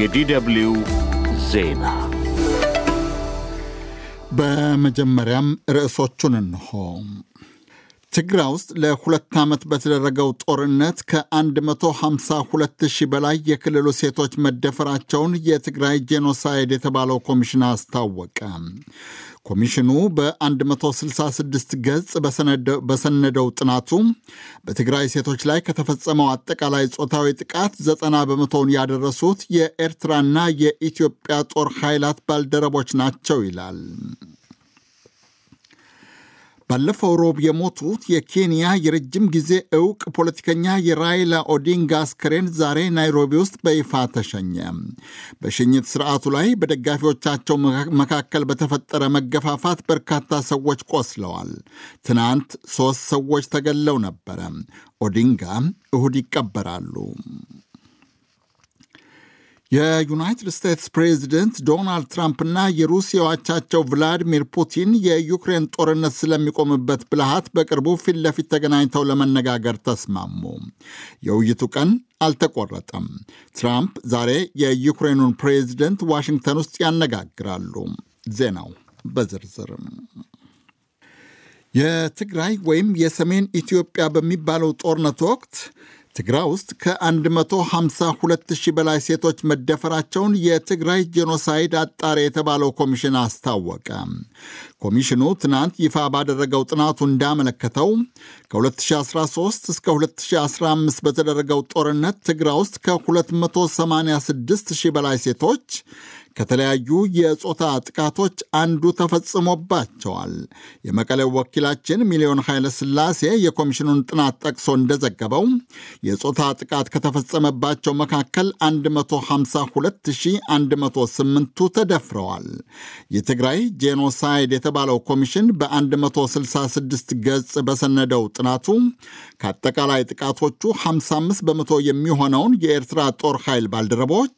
የዲደብልዩ ዜና በመጀመሪያም ርዕሶቹን እንሆ። ትግራይ ውስጥ ለሁለት ዓመት በተደረገው ጦርነት ከ152 ሺህ በላይ የክልሉ ሴቶች መደፈራቸውን የትግራይ ጄኖሳይድ የተባለው ኮሚሽን አስታወቀ። ኮሚሽኑ በ166 ገጽ በሰነደው ጥናቱ በትግራይ ሴቶች ላይ ከተፈጸመው አጠቃላይ ጾታዊ ጥቃት ዘጠና በመቶውን ያደረሱት የኤርትራና የኢትዮጵያ ጦር ኃይላት ባልደረቦች ናቸው ይላል። ባለፈው ሮብ የሞቱት የኬንያ የረጅም ጊዜ እውቅ ፖለቲከኛ የራይላ ኦዲንጋ አስከሬን ዛሬ ናይሮቢ ውስጥ በይፋ ተሸኘ። በሽኝት ስርዓቱ ላይ በደጋፊዎቻቸው መካከል በተፈጠረ መገፋፋት በርካታ ሰዎች ቆስለዋል። ትናንት ሦስት ሰዎች ተገለው ነበረ። ኦዲንጋ እሁድ ይቀበራሉ። የዩናይትድ ስቴትስ ፕሬዚደንት ዶናልድ ትራምፕና የሩሲያ አቻቸው ቭላዲሚር ፑቲን የዩክሬን ጦርነት ስለሚቆምበት ብልሃት በቅርቡ ፊት ለፊት ተገናኝተው ለመነጋገር ተስማሙ። የውይይቱ ቀን አልተቆረጠም። ትራምፕ ዛሬ የዩክሬኑን ፕሬዚደንት ዋሽንግተን ውስጥ ያነጋግራሉ። ዜናው በዝርዝርም የትግራይ ወይም የሰሜን ኢትዮጵያ በሚባለው ጦርነት ወቅት ትግራይ ውስጥ ከ152 ሺህ በላይ ሴቶች መደፈራቸውን የትግራይ ጄኖሳይድ አጣሪ የተባለው ኮሚሽን አስታወቀ። ኮሚሽኑ ትናንት ይፋ ባደረገው ጥናቱ እንዳመለከተው ከ2013 እስከ 2015 በተደረገው ጦርነት ትግራይ ውስጥ ከ286 ሺህ በላይ ሴቶች ከተለያዩ የጾታ ጥቃቶች አንዱ ተፈጽሞባቸዋል። የመቀሌው ወኪላችን ሚሊዮን ኃይለ ስላሴ የኮሚሽኑን ጥናት ጠቅሶ እንደዘገበው የጾታ ጥቃት ከተፈጸመባቸው መካከል 152108ቱ ተደፍረዋል። የትግራይ ጄኖሳይድ የተባለው ኮሚሽን በ166 ገጽ በሰነደው ጥናቱ ከአጠቃላይ ጥቃቶቹ 55 በመቶ የሚሆነውን የኤርትራ ጦር ኃይል ባልደረቦች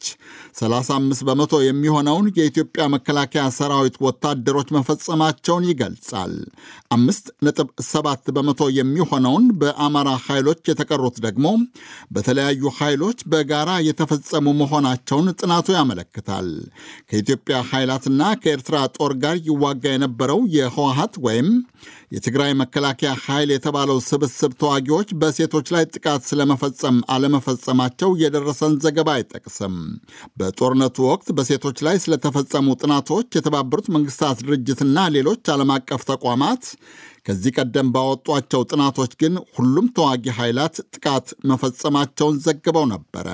35 በመቶ የሚ የሆነውን የኢትዮጵያ መከላከያ ሰራዊት ወታደሮች መፈጸማቸውን ይገልጻል። አምስት ነጥብ ሰባት በመቶ የሚሆነውን በአማራ ኃይሎች የተቀሩት ደግሞ በተለያዩ ኃይሎች በጋራ የተፈጸሙ መሆናቸውን ጥናቱ ያመለክታል። ከኢትዮጵያ ኃይላትና ከኤርትራ ጦር ጋር ይዋጋ የነበረው የህወሀት ወይም የትግራይ መከላከያ ኃይል የተባለው ስብስብ ተዋጊዎች በሴቶች ላይ ጥቃት ስለመፈጸም አለመፈጸማቸው የደረሰን ዘገባ አይጠቅስም። በጦርነቱ ወቅት በሴቶች ላይ ስለተፈጸሙ ጥናቶች የተባበሩት መንግስታት ድርጅትና ሌሎች ዓለም አቀፍ ተቋማት ከዚህ ቀደም ባወጧቸው ጥናቶች ግን ሁሉም ተዋጊ ኃይላት ጥቃት መፈጸማቸውን ዘግበው ነበረ።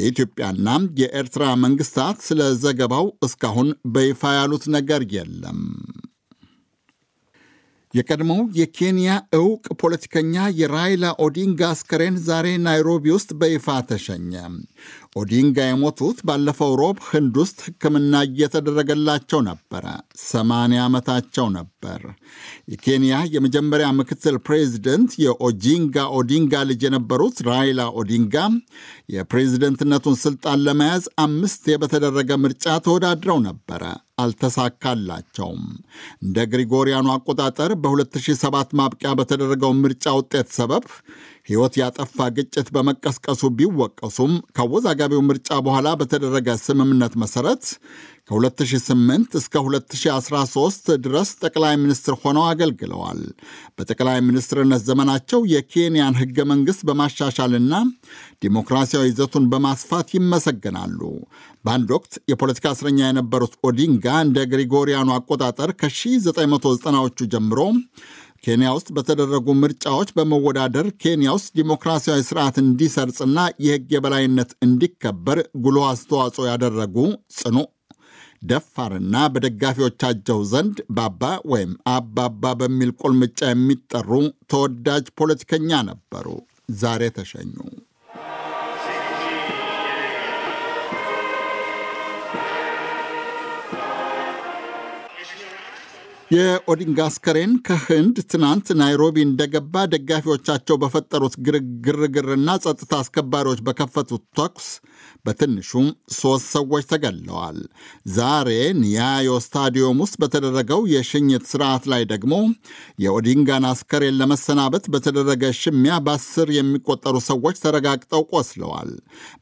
የኢትዮጵያና የኤርትራ መንግስታት ስለ ዘገባው እስካሁን በይፋ ያሉት ነገር የለም። የቀድሞው የኬንያ እውቅ ፖለቲከኛ የራይላ ኦዲንጋ አስከሬን ዛሬ ናይሮቢ ውስጥ በይፋ ተሸኘ። ኦዲንጋ የሞቱት ባለፈው ሮብ ህንድ ውስጥ ሕክምና እየተደረገላቸው ነበረ። ሰማንያ ዓመታቸው ነበር። የኬንያ የመጀመሪያ ምክትል ፕሬዚደንት የኦጂንጋ ኦዲንጋ ልጅ የነበሩት ራይላ ኦዲንጋ የፕሬዝደንትነቱን ስልጣን ለመያዝ አምስት በተደረገ ምርጫ ተወዳድረው ነበረ። አልተሳካላቸውም። እንደ ግሪጎሪያኑ አቆጣጠር በ2007 ማብቂያ በተደረገው ምርጫ ውጤት ሰበብ ሕይወት ያጠፋ ግጭት በመቀስቀሱ ቢወቀሱም ከወዛጋቢው ምርጫ በኋላ በተደረገ ስምምነት መሰረት ከ2008 እስከ 2013 ድረስ ጠቅላይ ሚኒስትር ሆነው አገልግለዋል። በጠቅላይ ሚኒስትርነት ዘመናቸው የኬንያን ሕገ መንግሥት በማሻሻልና ዲሞክራሲያዊ ይዘቱን በማስፋት ይመሰገናሉ። በአንድ ወቅት የፖለቲካ እስረኛ የነበሩት ኦዲንጋ እንደ ግሪጎሪያኑ አቆጣጠር ከ1990ዎቹ ጀምሮ ኬንያ ውስጥ በተደረጉ ምርጫዎች በመወዳደር ኬንያ ውስጥ ዲሞክራሲያዊ ስርዓት እንዲሰርጽና የሕግ የበላይነት እንዲከበር ጉልህ አስተዋጽኦ ያደረጉ ጽኑ ደፋርና በደጋፊዎቻቸው ዘንድ ባባ ወይም አባባ በሚል ቁልምጫ የሚጠሩ ተወዳጅ ፖለቲከኛ ነበሩ። ዛሬ ተሸኙ። የኦዲንጋ አስከሬን ከህንድ ትናንት ናይሮቢ እንደገባ ደጋፊዎቻቸው በፈጠሩት ግርግርና ጸጥታ አስከባሪዎች በከፈቱት ተኩስ በትንሹም ሦስት ሰዎች ተገለዋል። ዛሬ ኒያዮ ስታዲዮም ውስጥ በተደረገው የሽኝት ስርዓት ላይ ደግሞ የኦዲንጋን አስከሬን ለመሰናበት በተደረገ ሽሚያ በአስር የሚቆጠሩ ሰዎች ተረጋግጠው ቆስለዋል።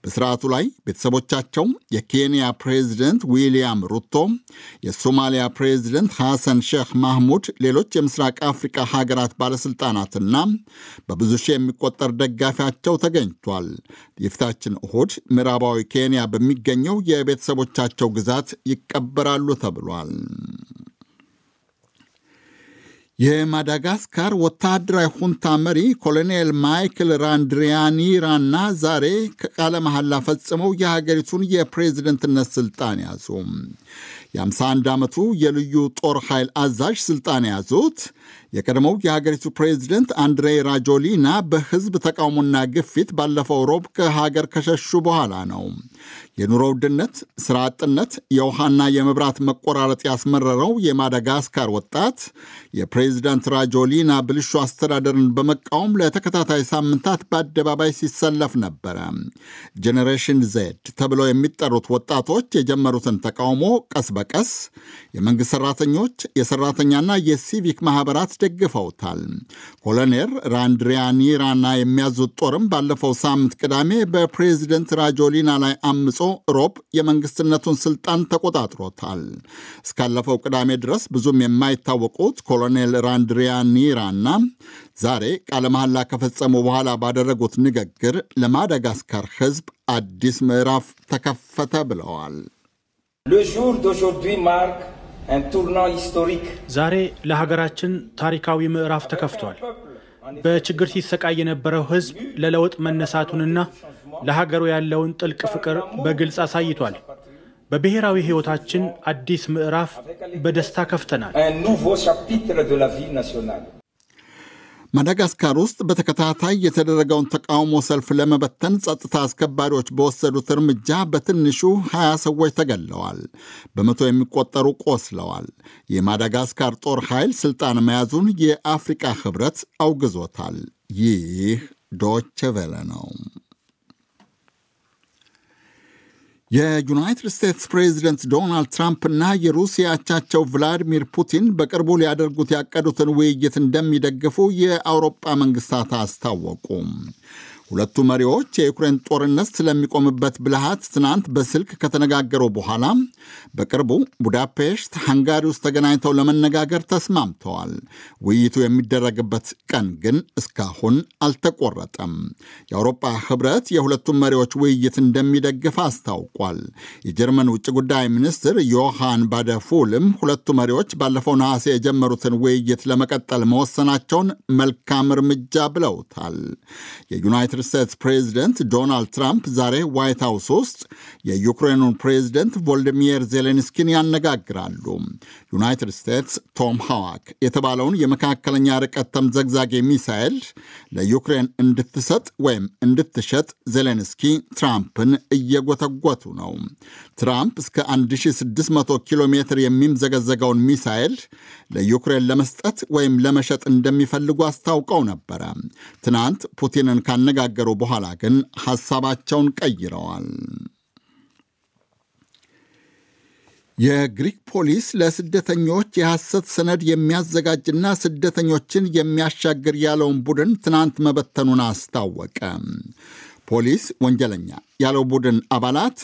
በስርዓቱ ላይ ቤተሰቦቻቸው የኬንያ ፕሬዚደንት ዊልያም ሩቶ፣ የሶማሊያ ፕሬዚደንት ሐሰን ሼህ ሼህ ማህሙድ ሌሎች የምስራቅ አፍሪካ ሀገራት ባለሥልጣናትና በብዙ ሺህ የሚቆጠር ደጋፊያቸው ተገኝቷል። የፊታችን እሁድ ምዕራባዊ ኬንያ በሚገኘው የቤተሰቦቻቸው ግዛት ይቀበራሉ ተብሏል። የማዳጋስካር ወታደራዊ ሁንታ መሪ ኮሎኔል ማይክል ራንድሪያኒራና ዛሬ ከቃለ መሐላ ፈጽመው የሀገሪቱን የፕሬዝደንትነት ስልጣን ያዙ። የ51 ዓመቱ የልዩ ጦር ኃይል አዛዥ ስልጣን የያዙት የቀድሞው የሀገሪቱ ፕሬዚደንት አንድሬ ራጆሊና በህዝብ ተቃውሞና ግፊት ባለፈው ሮብ ከሀገር ከሸሹ በኋላ ነው። የኑሮ ውድነት፣ ስራ አጥነት፣ የውሃና የመብራት መቆራረጥ ያስመረረው የማደጋስካር ወጣት የፕሬዚዳንት ራጆሊና ብልሹ አስተዳደርን በመቃወም ለተከታታይ ሳምንታት በአደባባይ ሲሰለፍ ነበረ። ጄኔሬሽን ዜድ ተብለው የሚጠሩት ወጣቶች የጀመሩትን ተቃውሞ ቀስ በቀስ የመንግሥት ሠራተኞች የሠራተኛና የሲቪክ ማኅበራት ደግፈውታል። ኮሎኔል ራንድሪያኒራና የሚያዙት ጦርም ባለፈው ሳምንት ቅዳሜ በፕሬዚደንት ራጆሊና ላይ አምጾ ሮብ የመንግሥትነቱን ሥልጣን ተቆጣጥሮታል። እስካለፈው ቅዳሜ ድረስ ብዙም የማይታወቁት ኮሎኔል ራንድሪያኒራና ዛሬ ቃለ መሐላ ከፈጸሙ በኋላ ባደረጉት ንግግር ለማዳጋስካር ሕዝብ አዲስ ምዕራፍ ተከፈተ ብለዋል። ዛሬ ለሀገራችን ታሪካዊ ምዕራፍ ተከፍቷል። በችግር ሲሰቃይ የነበረው ሕዝብ ለለውጥ መነሳቱንና ለሀገሩ ያለውን ጥልቅ ፍቅር በግልጽ አሳይቷል። በብሔራዊ ሕይወታችን አዲስ ምዕራፍ በደስታ ከፍተናል። ማዳጋስካር ውስጥ በተከታታይ የተደረገውን ተቃውሞ ሰልፍ ለመበተን ጸጥታ አስከባሪዎች በወሰዱት እርምጃ በትንሹ 20 ሰዎች ተገለዋል፣ በመቶ የሚቆጠሩ ቆስለዋል። የማዳጋስካር ጦር ኃይል ስልጣን መያዙን የአፍሪቃ ህብረት አውግዞታል። ይህ ዶቼ ቬለ ነው። የዩናይትድ ስቴትስ ፕሬዚደንት ዶናልድ ትራምፕ እና የሩሲያ አቻቸው ቭላዲሚር ፑቲን በቅርቡ ሊያደርጉት ያቀዱትን ውይይት እንደሚደግፉ የአውሮጳ መንግስታት አስታወቁ። ሁለቱ መሪዎች የዩክሬን ጦርነት ስለሚቆምበት ብልሃት ትናንት በስልክ ከተነጋገሩ በኋላ በቅርቡ ቡዳፔሽት ሃንጋሪ ውስጥ ተገናኝተው ለመነጋገር ተስማምተዋል። ውይይቱ የሚደረግበት ቀን ግን እስካሁን አልተቆረጠም። የአውሮፓ ህብረት የሁለቱም መሪዎች ውይይት እንደሚደግፍ አስታውቋል። የጀርመን ውጭ ጉዳይ ሚኒስትር ዮሃን ባደፉልም ሁለቱ መሪዎች ባለፈው ነሐሴ የጀመሩትን ውይይት ለመቀጠል መወሰናቸውን መልካም እርምጃ ብለውታል። የዩናይትድ የዩናይትድ ስቴትስ ፕሬዚደንት ዶናልድ ትራምፕ ዛሬ ዋይት ሀውስ ውስጥ የዩክሬኑን ፕሬዚደንት ቮልዲሚር ዜሌንስኪን ያነጋግራሉ። ዩናይትድ ስቴትስ ቶም ሃዋክ የተባለውን የመካከለኛ ርቀት ተምዘግዛጊ ሚሳኤል ለዩክሬን እንድትሰጥ ወይም እንድትሸጥ ዜሌንስኪ ትራምፕን እየጎተጎቱ ነው። ትራምፕ እስከ 1600 ኪሎ ሜትር የሚምዘገዘገውን ሚሳኤል ለዩክሬን ለመስጠት ወይም ለመሸጥ እንደሚፈልጉ አስታውቀው ነበረ። ትናንት ፑቲንን ካነጋ ከተናገሩ በኋላ ግን ሐሳባቸውን ቀይረዋል። የግሪክ ፖሊስ ለስደተኞች የሐሰት ሰነድ የሚያዘጋጅና ስደተኞችን የሚያሻግር ያለውን ቡድን ትናንት መበተኑን አስታወቀ። ፖሊስ ወንጀለኛ ያለው ቡድን አባላት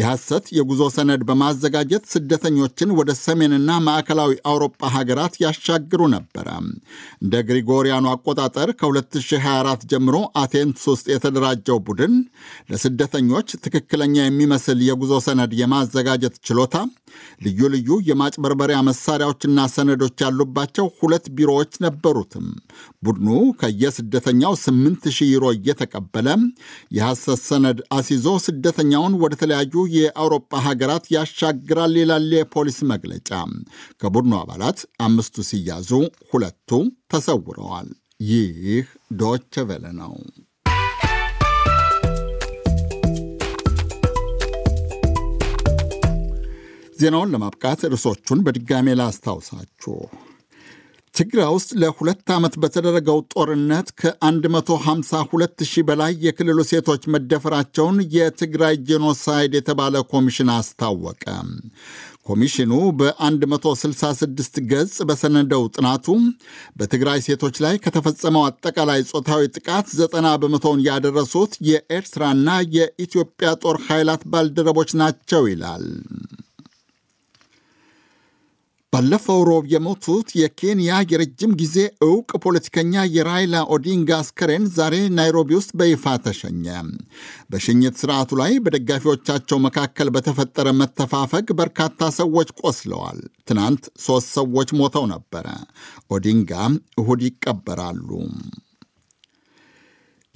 የሐሰት የጉዞ ሰነድ በማዘጋጀት ስደተኞችን ወደ ሰሜንና ማዕከላዊ አውሮፓ ሀገራት ያሻግሩ ነበረ። እንደ ግሪጎሪያኑ አቆጣጠር ከ2024 ጀምሮ አቴንስ ውስጥ የተደራጀው ቡድን ለስደተኞች ትክክለኛ የሚመስል የጉዞ ሰነድ የማዘጋጀት ችሎታ ልዩ ልዩ የማጭበርበሪያ መሳሪያዎችና ሰነዶች ያሉባቸው ሁለት ቢሮዎች ነበሩትም። ቡድኑ ከየስደተኛው 8000 ዩሮ እየተቀበለ የሐሰት ሰነድ አስይዞ ስደተኛውን ወደ ተለያዩ የአውሮፓ ሀገራት ያሻግራል ይላል የፖሊስ መግለጫ። ከቡድኑ አባላት አምስቱ ሲያዙ፣ ሁለቱ ተሰውረዋል። ይህ ዶች ቬለ ነው። ዜናውን ለማብቃት ርዕሶቹን በድጋሜ ላስታውሳችሁ። ትግራይ ውስጥ ለሁለት ዓመት በተደረገው ጦርነት ከ152 ሺህ በላይ የክልሉ ሴቶች መደፈራቸውን የትግራይ ጄኖሳይድ የተባለ ኮሚሽን አስታወቀ። ኮሚሽኑ በ166 ገጽ በሰነደው ጥናቱ በትግራይ ሴቶች ላይ ከተፈጸመው አጠቃላይ ጾታዊ ጥቃት ዘጠና በመቶውን ያደረሱት የኤርትራና የኢትዮጵያ ጦር ኃይላት ባልደረቦች ናቸው ይላል። ባለፈው ሮብ የሞቱት የኬንያ የረጅም ጊዜ እውቅ ፖለቲከኛ የራይላ ኦዲንጋ አስከሬን ዛሬ ናይሮቢ ውስጥ በይፋ ተሸኘ። በሽኝት ስርዓቱ ላይ በደጋፊዎቻቸው መካከል በተፈጠረ መተፋፈግ በርካታ ሰዎች ቆስለዋል። ትናንት ሦስት ሰዎች ሞተው ነበረ። ኦዲንጋ እሁድ ይቀበራሉ።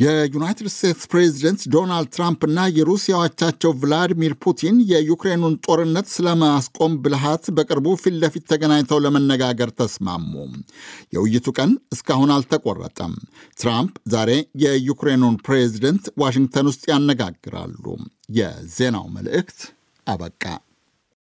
የዩናይትድ ስቴትስ ፕሬዚደንት ዶናልድ ትራምፕ እና የሩሲያ አቻቸው ቭላዲሚር ፑቲን የዩክሬኑን ጦርነት ስለማስቆም ብልሃት በቅርቡ ፊት ለፊት ተገናኝተው ለመነጋገር ተስማሙ። የውይይቱ ቀን እስካሁን አልተቆረጠም። ትራምፕ ዛሬ የዩክሬኑን ፕሬዚደንት ዋሽንግተን ውስጥ ያነጋግራሉ። የዜናው መልእክት አበቃ።